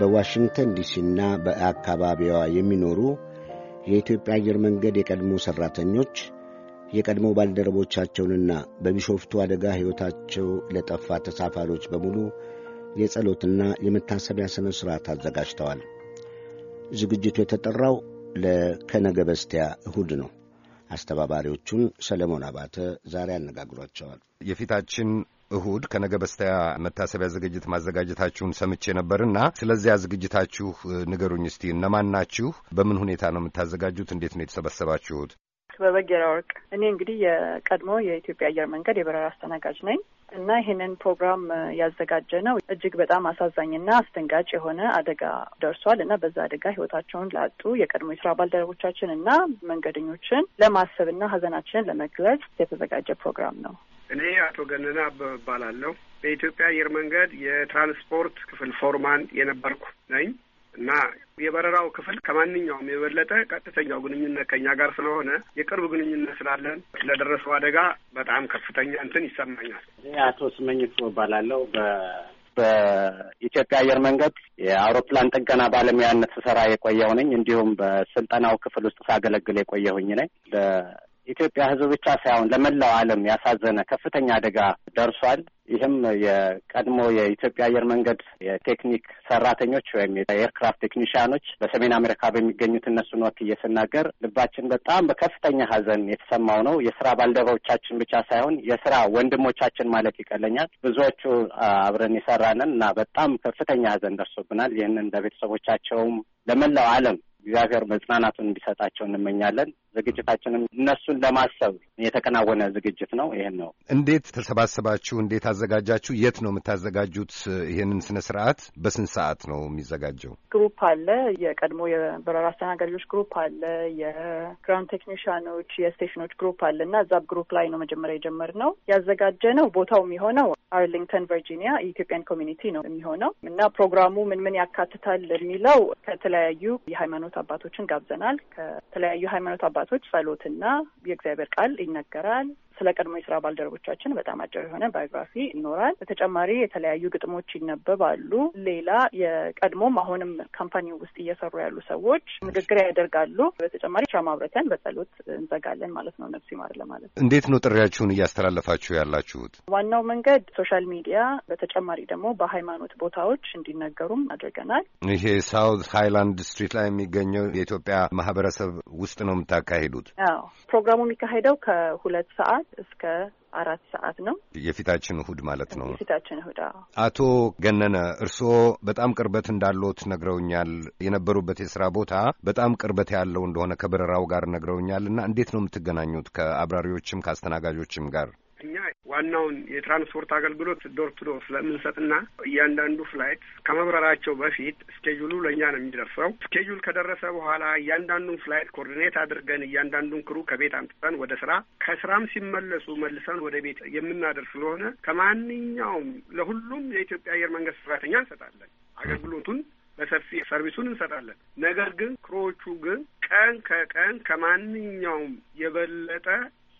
በዋሽንግተን ዲሲና በአካባቢዋ የሚኖሩ የኢትዮጵያ አየር መንገድ የቀድሞ ሠራተኞች የቀድሞ ባልደረቦቻቸውንና በቢሾፍቱ አደጋ ሕይወታቸው ለጠፋ ተሳፋሪዎች በሙሉ የጸሎትና የመታሰቢያ ሥነ ሥርዓት አዘጋጅተዋል። ዝግጅቱ የተጠራው ለከነገ በስቲያ እሁድ ነው። አስተባባሪዎቹን ሰለሞን አባተ ዛሬ አነጋግሯቸዋል። የፊታችን እሁድ ከነገ በስተያ መታሰቢያ ዝግጅት ማዘጋጀታችሁን ሰምቼ ነበርና ስለዚያ ዝግጅታችሁ ንገሩኝ እስቲ። እነማን ናችሁ? በምን ሁኔታ ነው የምታዘጋጁት? እንዴት ነው የተሰበሰባችሁት? በበጌራ ወርቅ። እኔ እንግዲህ የቀድሞ የኢትዮጵያ አየር መንገድ የበረራ አስተናጋጅ ነኝ እና ይህንን ፕሮግራም ያዘጋጀ ነው እጅግ በጣም አሳዛኝና አስደንጋጭ የሆነ አደጋ ደርሷል እና በዛ አደጋ ህይወታቸውን ላጡ የቀድሞ የስራ ባልደረቦቻችን እና መንገደኞችን ለማሰብና ሀዘናችንን ለመግለጽ የተዘጋጀ ፕሮግራም ነው። እኔ አቶ ገነና አበበ እባላለሁ። በኢትዮጵያ አየር መንገድ የትራንስፖርት ክፍል ፎርማን የነበርኩ ነኝ። እና የበረራው ክፍል ከማንኛውም የበለጠ ቀጥተኛው ግንኙነት ከኛ ጋር ስለሆነ የቅርብ ግንኙነት ስላለን ስለደረሰው አደጋ በጣም ከፍተኛ እንትን ይሰማኛል። አቶ ስመኝት እባላለሁ። በኢትዮጵያ አየር መንገድ የአውሮፕላን ጥገና ባለሙያነት ስሰራ የቆየሁ ነኝ። እንዲሁም በስልጠናው ክፍል ውስጥ ሳገለግል የቆየሁኝ ነኝ። ኢትዮጵያ ሕዝብ ብቻ ሳይሆን ለመላው ዓለም ያሳዘነ ከፍተኛ አደጋ ደርሷል። ይህም የቀድሞ የኢትዮጵያ አየር መንገድ የቴክኒክ ሰራተኞች ወይም የኤርክራፍት ቴክኒሽያኖች በሰሜን አሜሪካ በሚገኙት እነሱን ወክዬ ስናገር ልባችን በጣም በከፍተኛ ሀዘን የተሰማው ነው። የስራ ባልደረቦቻችን ብቻ ሳይሆን የስራ ወንድሞቻችን ማለት ይቀለኛል። ብዙዎቹ አብረን የሰራንን እና በጣም ከፍተኛ ሀዘን ደርሶብናል። ይህንን ለቤተሰቦቻቸውም ለመላው ዓለም እግዚአብሔር መጽናናቱን እንዲሰጣቸው እንመኛለን። ዝግጅታችንም እነሱን ለማሰብ የተከናወነ ዝግጅት ነው። ይህን ነው። እንዴት ተሰባሰባችሁ? እንዴት አዘጋጃችሁ? የት ነው የምታዘጋጁት? ይህንን ስነ ስርዓት በስንት ሰዓት ነው የሚዘጋጀው? ግሩፕ አለ። የቀድሞ የበረራ አስተናጋጆች ግሩፕ አለ። የግራውንድ ቴክኒሽያኖች፣ የስቴሽኖች ግሩፕ አለ እና እዛ ግሩፕ ላይ ነው መጀመሪያ የጀመርነው። ያዘጋጀ ነው ቦታው የሚሆነው አርሊንግተን ቨርጂኒያ የኢትዮጵያን ኮሚኒቲ ነው የሚሆነው እና ፕሮግራሙ ምን ምን ያካትታል የሚለው ከተለያዩ የሃይማኖት አባቶችን ጋብዘናል። ከተለያዩ ሃይማኖት አባ አባቶች ጸሎትና የእግዚአብሔር ቃል ይነገራል። ስለ ቀድሞ የስራ ባልደረቦቻችን በጣም አጭር የሆነ ባዮግራፊ ይኖራል። በተጨማሪ የተለያዩ ግጥሞች ይነበባሉ። ሌላ የቀድሞም አሁንም ካምፓኒ ውስጥ እየሰሩ ያሉ ሰዎች ንግግር ያደርጋሉ። በተጨማሪ ሻማ አብረተን በጸሎት እንዘጋለን ማለት ነው። ነፍስ ይማር ለማለት እንዴት ነው ጥሪያችሁን እያስተላለፋችሁ ያላችሁት? ዋናው መንገድ ሶሻል ሚዲያ፣ በተጨማሪ ደግሞ በሃይማኖት ቦታዎች እንዲነገሩም አድርገናል። ይሄ ሳውት ሃይላንድ ስትሪት ላይ የሚገኘው የኢትዮጵያ ማህበረሰብ ውስጥ ነው የምታካሂዱት? አዎ ፕሮግራሙ የሚካሄደው ከሁለት ሰዓት እስከ አራት ሰዓት ነው። የፊታችን እሁድ ማለት ነው። የፊታችን እሁድ። አቶ ገነነ እርስዎ በጣም ቅርበት እንዳሎት ነግረውኛል። የነበሩበት የስራ ቦታ በጣም ቅርበት ያለው እንደሆነ ከበረራው ጋር ነግረውኛል። እና እንዴት ነው የምትገናኙት ከአብራሪዎችም ከአስተናጋጆችም ጋር? ዋናውን የትራንስፖርት አገልግሎት ዶር ቱ ዶር ስለምንሰጥና እያንዳንዱ ፍላይት ከመብረራቸው በፊት ስኬጁሉ ለእኛ ነው የሚደርሰው። ስኬጁል ከደረሰ በኋላ እያንዳንዱን ፍላይት ኮኦርዲኔት አድርገን እያንዳንዱን ክሩ ከቤት አምጥተን ወደ ስራ ከስራም ሲመለሱ መልሰን ወደ ቤት የምናደርስ ስለሆነ ከማንኛውም ለሁሉም የኢትዮጵያ አየር መንገድ ሰራተኛ እንሰጣለን አገልግሎቱን በሰፊ ሰርቪሱን እንሰጣለን። ነገር ግን ክሮዎቹ ግን ቀን ከቀን ከማንኛውም የበለጠ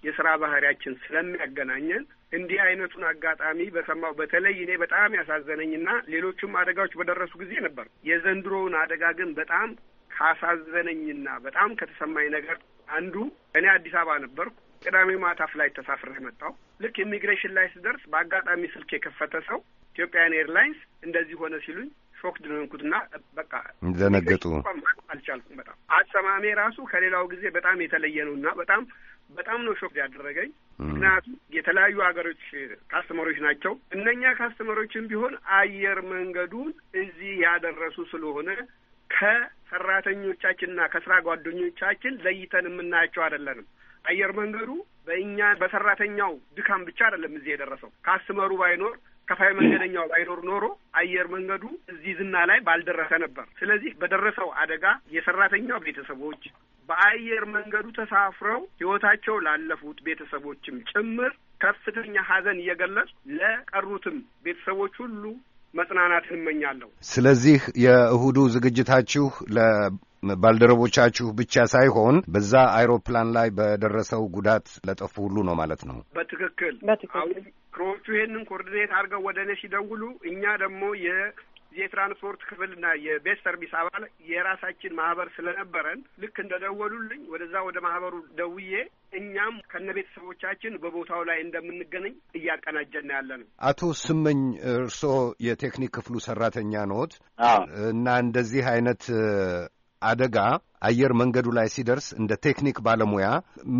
የስራ ባህሪያችን ስለሚያገናኘን እንዲህ አይነቱን አጋጣሚ በሰማው በተለይ እኔ በጣም ያሳዘነኝና ሌሎቹም አደጋዎች በደረሱ ጊዜ ነበር። የዘንድሮውን አደጋ ግን በጣም ካሳዘነኝና በጣም ከተሰማኝ ነገር አንዱ እኔ አዲስ አበባ ነበርኩ። ቅዳሜ ማታ ፍላይት ተሳፍሬ የመጣው ልክ ኢሚግሬሽን ላይ ስደርስ በአጋጣሚ ስልክ የከፈተ ሰው ኢትዮጵያን ኤርላይንስ እንደዚህ ሆነ ሲሉኝ ሾክድ ነው የሆንኩትና በቃ ደነገጡ። አልቻልኩም። በጣም አሰማሜ ራሱ ከሌላው ጊዜ በጣም የተለየ ነው እና በጣም በጣም ነው ሾክ ያደረገኝ። ምክንያቱም የተለያዩ ሀገሮች ካስተመሮች ናቸው። እነኛ ካስተመሮችም ቢሆን አየር መንገዱን እዚህ ያደረሱ ስለሆነ ከሰራተኞቻችንና ከስራ ጓደኞቻችን ለይተን የምናያቸው አይደለንም። አየር መንገዱ በእኛ በሰራተኛው ድካም ብቻ አይደለም እዚህ የደረሰው። ካስተመሩ ባይኖር ከፋይ መንገደኛው ባይኖር ኖሮ አየር መንገዱ እዚህ ዝና ላይ ባልደረሰ ነበር። ስለዚህ በደረሰው አደጋ የሰራተኛው ቤተሰቦች በአየር መንገዱ ተሳፍረው ሕይወታቸው ላለፉት ቤተሰቦችም ጭምር ከፍተኛ ሐዘን እየገለጽ ለቀሩትም ቤተሰቦች ሁሉ መጽናናት እንመኛለሁ። ስለዚህ የእሁዱ ዝግጅታችሁ ባልደረቦቻችሁ ብቻ ሳይሆን በዛ አይሮፕላን ላይ በደረሰው ጉዳት ለጠፉ ሁሉ ነው ማለት ነው። በትክክል አሁን ክሮቹ ይህንን ኮርዲኔት አድርገው ወደ እኔ ሲደውሉ እኛ ደግሞ የትራንስፖርት ክፍልና የቤት ሰርቪስ አባል የራሳችን ማህበር ስለነበረን ልክ እንደደወሉልኝ ወደዛ ወደ ማህበሩ ደውዬ እኛም ከነ ቤተሰቦቻችን በቦታው ላይ እንደምንገናኝ እያቀናጀና ያለ ነው። አቶ ስመኝ እርስዎ የቴክኒክ ክፍሉ ሰራተኛ ኖት እና እንደዚህ አይነት አደጋ አየር መንገዱ ላይ ሲደርስ እንደ ቴክኒክ ባለሙያ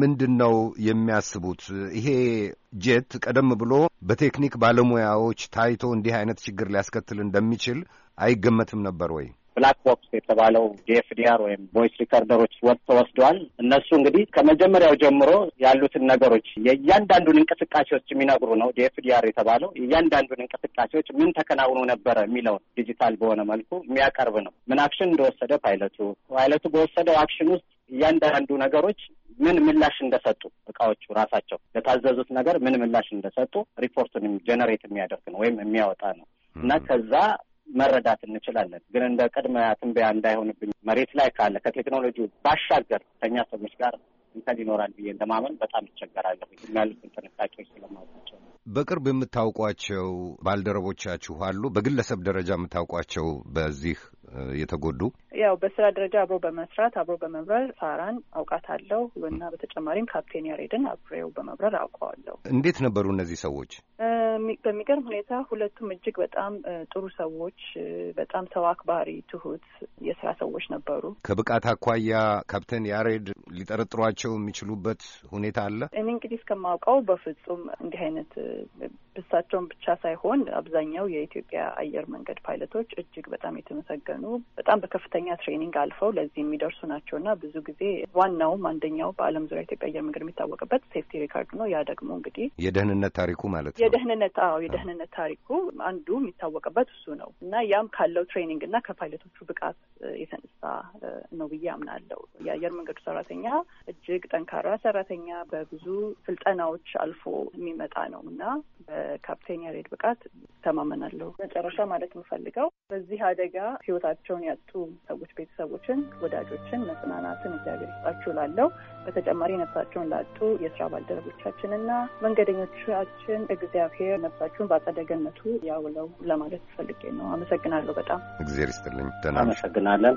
ምንድን ነው የሚያስቡት? ይሄ ጄት ቀደም ብሎ በቴክኒክ ባለሙያዎች ታይቶ እንዲህ አይነት ችግር ሊያስከትል እንደሚችል አይገመትም ነበር ወይ? ብላክ ቦክስ የተባለው ዲኤፍዲአር ወይም ቮይስ ሪከርደሮች ወስደዋል። እነሱ እንግዲህ ከመጀመሪያው ጀምሮ ያሉትን ነገሮች የእያንዳንዱን እንቅስቃሴዎች የሚነግሩ ነው። ዲኤፍዲአር የተባለው የእያንዳንዱን እንቅስቃሴዎች ምን ተከናውኖ ነበረ የሚለውን ዲጂታል በሆነ መልኩ የሚያቀርብ ነው። ምን አክሽን እንደወሰደ ፓይለቱ ፓይለቱ በወሰደው አክሽን ውስጥ እያንዳንዱ ነገሮች ምን ምላሽ እንደሰጡ እቃዎቹ ራሳቸው ለታዘዙት ነገር ምን ምላሽ እንደሰጡ ሪፖርቱን ጀነሬት የሚያደርግ ነው ወይም የሚያወጣ ነው እና ከዛ መረዳት እንችላለን። ግን እንደ ቅድመ ትንበያ እንዳይሆንብኝ መሬት ላይ ካለ ከቴክኖሎጂ ባሻገር ከኛ ሰዎች ጋር እንትን ይኖራል ብዬ እንደማመን በጣም ይቸገራለሁ። ያሉትን ጥንቃቄዎች ስለማውቃቸው በቅርብ የምታውቋቸው ባልደረቦቻችሁ አሉ? በግለሰብ ደረጃ የምታውቋቸው በዚህ የተጎዱ ያው በስራ ደረጃ አብሮ በመስራት አብሮ በመብረር ሳራን አውቃታለሁ እና በተጨማሪም ካፕቴን ያሬድን አብሬው በመብረር አውቀዋለሁ። እንዴት ነበሩ እነዚህ ሰዎች? በሚገርም ሁኔታ ሁለቱም እጅግ በጣም ጥሩ ሰዎች፣ በጣም ሰው አክባሪ፣ ትሁት የስራ ሰዎች ነበሩ። ከብቃት አኳያ ካፕቴን ያሬድ ሊጠረጥሯቸው የሚችሉበት ሁኔታ አለ? እኔ እንግዲህ እስከማውቀው በፍጹም እንዲህ አይነት ብሳቸውን ብቻ ሳይሆን አብዛኛው የኢትዮጵያ አየር መንገድ ፓይለቶች እጅግ በጣም የተመሰገኑ በጣም በከፍተኛ ከፍተኛ ትሬኒንግ አልፈው ለዚህ የሚደርሱ ናቸው እና ብዙ ጊዜ ዋናውም አንደኛው በዓለም ዙሪያ ኢትዮጵያ አየር መንገድ የሚታወቅበት ሴፍቲ ሪካርድ ነው። ያ ደግሞ እንግዲህ የደህንነት ታሪኩ ማለት ነው። የደህንነት አዎ፣ የደህንነት ታሪኩ አንዱ የሚታወቅበት እሱ ነው እና ያም ካለው ትሬኒንግ እና ከፓይለቶቹ ብቃት የተነሳ ነው ብዬ አምናለው የአየር መንገዱ ሰራተኛ እጅግ ጠንካራ ሰራተኛ በብዙ ስልጠናዎች አልፎ የሚመጣ ነው እና በካፕቴን ያሬድ ብቃት እተማመናለሁ። መጨረሻ ማለት የምፈልገው በዚህ አደጋ ህይወታቸውን ያጡ ሰዎች ቤተሰቦችን፣ ወዳጆችን መጽናናትን እግዚአብሔር ይስጣችሁ ላለው በተጨማሪ ነፍሳቸውን ላጡ የስራ ባልደረቦቻችንና መንገደኞቻችን እግዚአብሔር ነፍሳችሁን በአጸደ ገነቱ ያውለው ለማለት ፈልጌ ነው። አመሰግናለሁ። በጣም እግዚአብሔር ይስጥልኝ። አመሰግናለን።